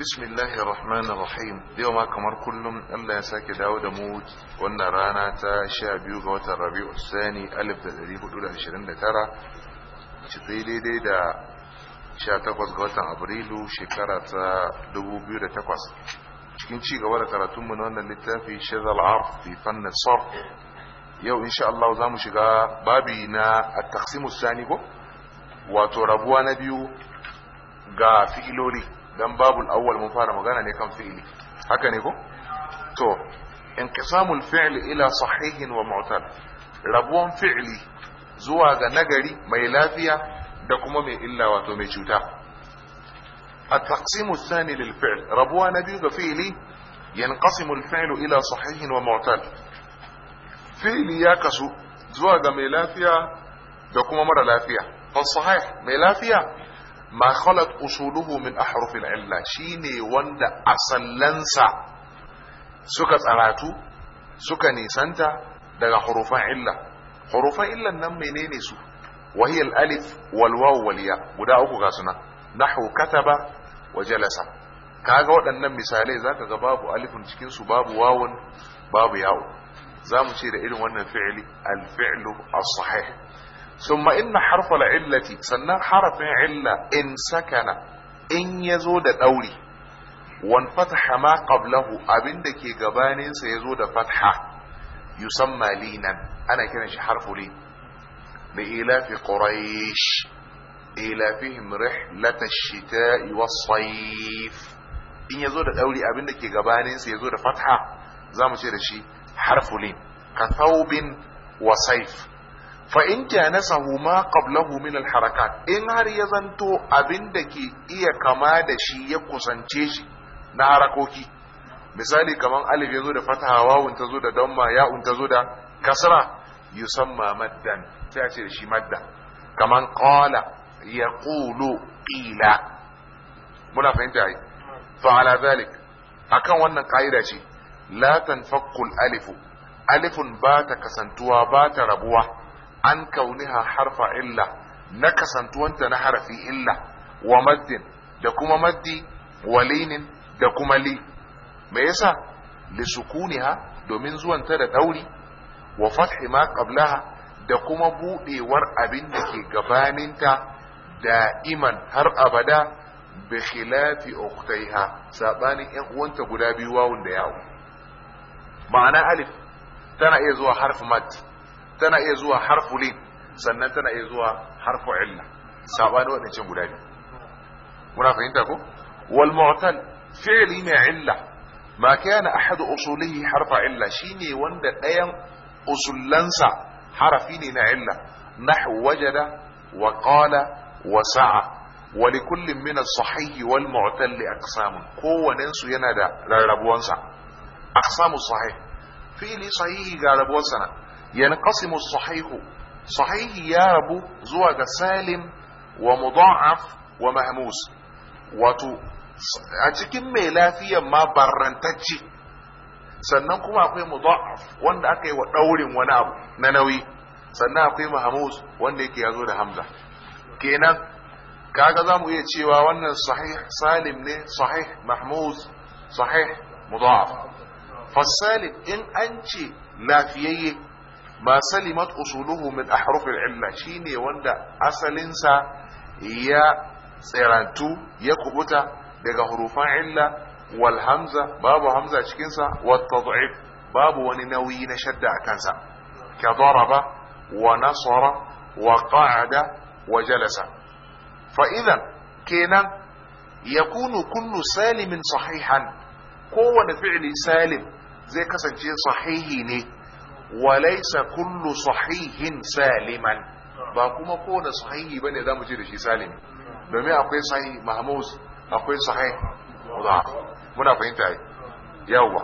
bismillahi rahim yau ma kamar kullum Allah ya sake dawo da mu wannan rana ta 12 ga da 18 ga watan Abrilu yau insha zamu shiga babi na ko wato rabuwa na biyu ga fi'ilori dan babul awwal mun fara magana ne kan fi'li haka ne ko to inqisamul fi'li ila sahihin wa mu'tal rabuwan fi'li zuwa ga nagari mai lafiya da kuma mai illa wato mai cuta at-taqsimu thani lil fi'l rabuwa nabi ga fi'li yanqasimul fi'lu ila sahihin wa mu'tal fi'li ya kasu zuwa ga mai lafiya da kuma mara lafiya fa sahih mai lafiya ma usuluhu min ahrufil illa shine wanda asallansa suka tsaratu suka nisanta daga hurufan illa hurufan illan nan menene su وهي الألف والواو والياء guda uku ga suna nahu kataba wa jalasa kaga waɗannan misalai zaka ga babu alifin cikinsu babu wawun babu yawo zamu ce da irin wannan fi'li al-fi'lu as ثم إن حرف العلة سنة حرف علة إن سكن إن يزود دوري وانفتح ما قبله أبن دكي سيزود فتحة يسمى لينا أنا كان حرف لي لإلاف قريش إلافهم رحلة الشتاء والصيف إن يزود دوري أبن دكي سيزود فتحة زامو شيء حرف لين كثوب وصيف fa in sahuma ma min alharakat in har ya zanto abin da ke iya kama da shi ya kusance shi na harakoki misali kaman alif yazo da fataha ta tazo da damma ya'un tazo da kasra yusamma maddan sai a ce da shi madda kaman qala yaqulu ƙila. muna fahimta ai fa ala zalik akan wannan ƙa'ida ce la fakkul alifu, alifun ba ta kasantuwa ba ta rabuwa an kauniha harfa illa na kasantuwanta na harafi illa wa maddin da kuma maddi walinin da kuma li me yasa li sukuniha domin zuwanta da dauri wa fathi ma qablaha da kuma budewar abin da ke gabaninta da'iman har abada bi khilafi ukhtaiha sabanin yan uwanta guda biyu wawun da yawo ma'ana alif tana iya zuwa harf maddi. tana iya zuwa harfu lin sannan tana iya zuwa harfu illa sabani wadancin guda ne muna fahimta ko wal mu'tal fi'li ma illa ma kana ahadu usulihi harfa illa shine wanda dayan usullansa harfi ne na illa nahwu wajada wa qala wa sa'a wa min as ولكل من الصحيح والمعتل أقسام كوننسو ينادى لربوانسا أقسام الصحيح في لي صحيح قال ربوانسنا yanqasimu sahihu sahihi ya rabu zuwa ga salim wa mudha'af wa mahmus wato a cikin mai lafiyar ma sannan kuma akwai mudha'af wanda aka yi wa daurin wani abu na nauyi sannan akwai mahmus wanda yake yazo da hamza kenan kaga zamu iya cewa wannan sahih salim ne sahih mahmus sahih mudha'af fasalin in an ce lafiyayye ما سلمت أصوله من أحرف العلة شيني واندا أسلنسا يا سيرانتو يا كوبوتا دقا حروفان علة والهمزة بابو همزة شكينسا والتضعيف بابو وننوين شدع كنسا كضرب ونصر وقعد وجلس فإذا كينا يكون كل سالم صحيحا كون فعل سالم زي كسنجي صحيحيني وليس كل صحيح سالما ba kuma kowane sahihi ba ne za mu ce da shi salimi domin akwai sahihi mahmuz akwai sahihi mudaf muna fahimta ai yawa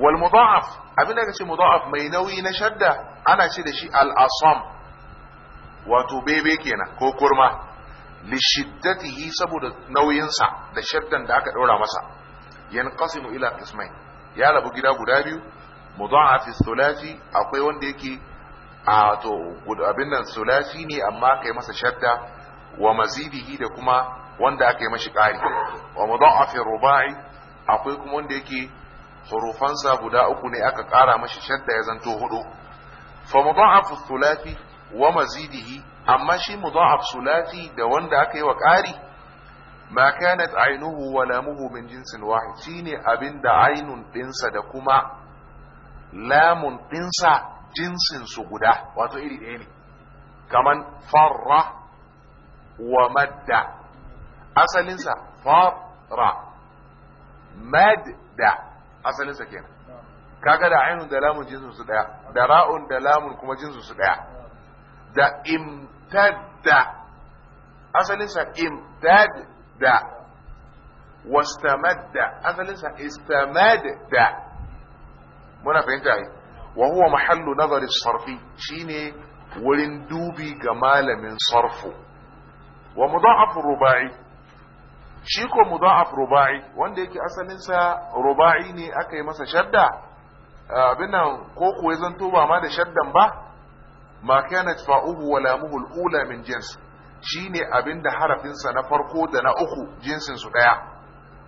wal mudaf abin da kace mudaf mai nauyi na shadda ana ce da shi al asam wato bebe kenan ko kurma li shiddatihi saboda nauyin sa da shaddan da aka daura masa yanqasimu ila qismain ya rabu gida guda biyu mudha'af sulasi akwai wanda yake a to abin nan sulasi ne amma kai masa shadda wa mazidihi da kuma wanda aka yi mashi ƙari wa mudha'af ruba'i akwai kuma wanda yake hurufansa guda uku ne aka ƙara mashi shadda ya zanto hudu fa mudha'af sulasi wa mazidihi amma shi mudha'af sulasi da wanda aka yi wa ƙari ma kanat ainuhu wa lamuhu min jinsin wahid shine abinda da ainun dinsa da kuma lamun dinsa jinsin su guda wato iri ɗaya ne kaman farra wa madda asalinsa farra madda asalinsa kenan kaga da ainun da lamun jinsin su daya da ra'un da lamun kuma jinsin su daya da imtadda asalinsa imtadda استمد واستمد اغلسا استمد منا فهمتها وهو محل نظر الصرفي شيني ولندوبي جمال من صرفه ومضاعف الرباعي شيكو مضاعف رباعي وانديك اصل انسا رباعي ني اكي مسا شدة آه، بنا كوكو يزن توبا ما دا شدة با ما كانت فاؤه ولامه الاولى من جنس Shi ne abin da harafinsa na farko da na uku jinsinsu ɗaya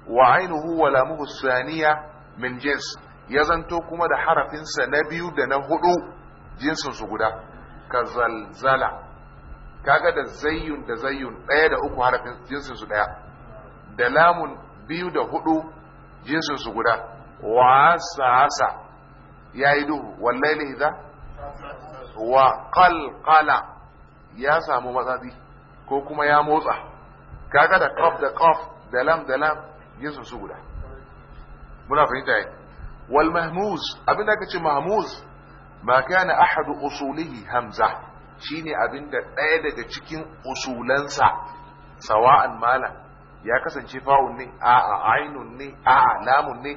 wa ainihu wa lamuhu saniya min jins ya zanto kuma da harafinsa na biyu da na hudu jinsinsu guda ka zalzala kaga da zayyun da zayyun ɗaya da uku harafin jinsinsu ɗaya da lamun biyu da hudu jinsinsu guda wa asa asa ya yi duhu ne za wa kalkala ya samu matsatsi ko kuma ya motsa kaga da qaf da qaf da lam da lam su guda muna fahimta yi wal mahmuz abin da kace mahmuz ma kana ahad usulihi hamza shine abin da ɗaya daga cikin usulansa sawa'an mala ya kasance fa'un ne a a ainun ne a a lamun ne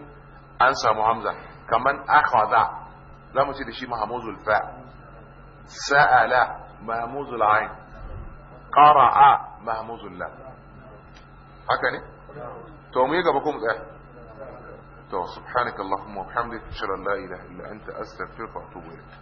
an samu hamza kaman akhadha zamu ce da shi mahmuzul fa sa'ala mahmuzul ain qara'a mahmuzul lam haka ne to mu yi gaba kuma tsaya to subhanakallahumma wa bihamdika ashhadu an la ilaha illa anta astaghfiruka wa atubu ilayk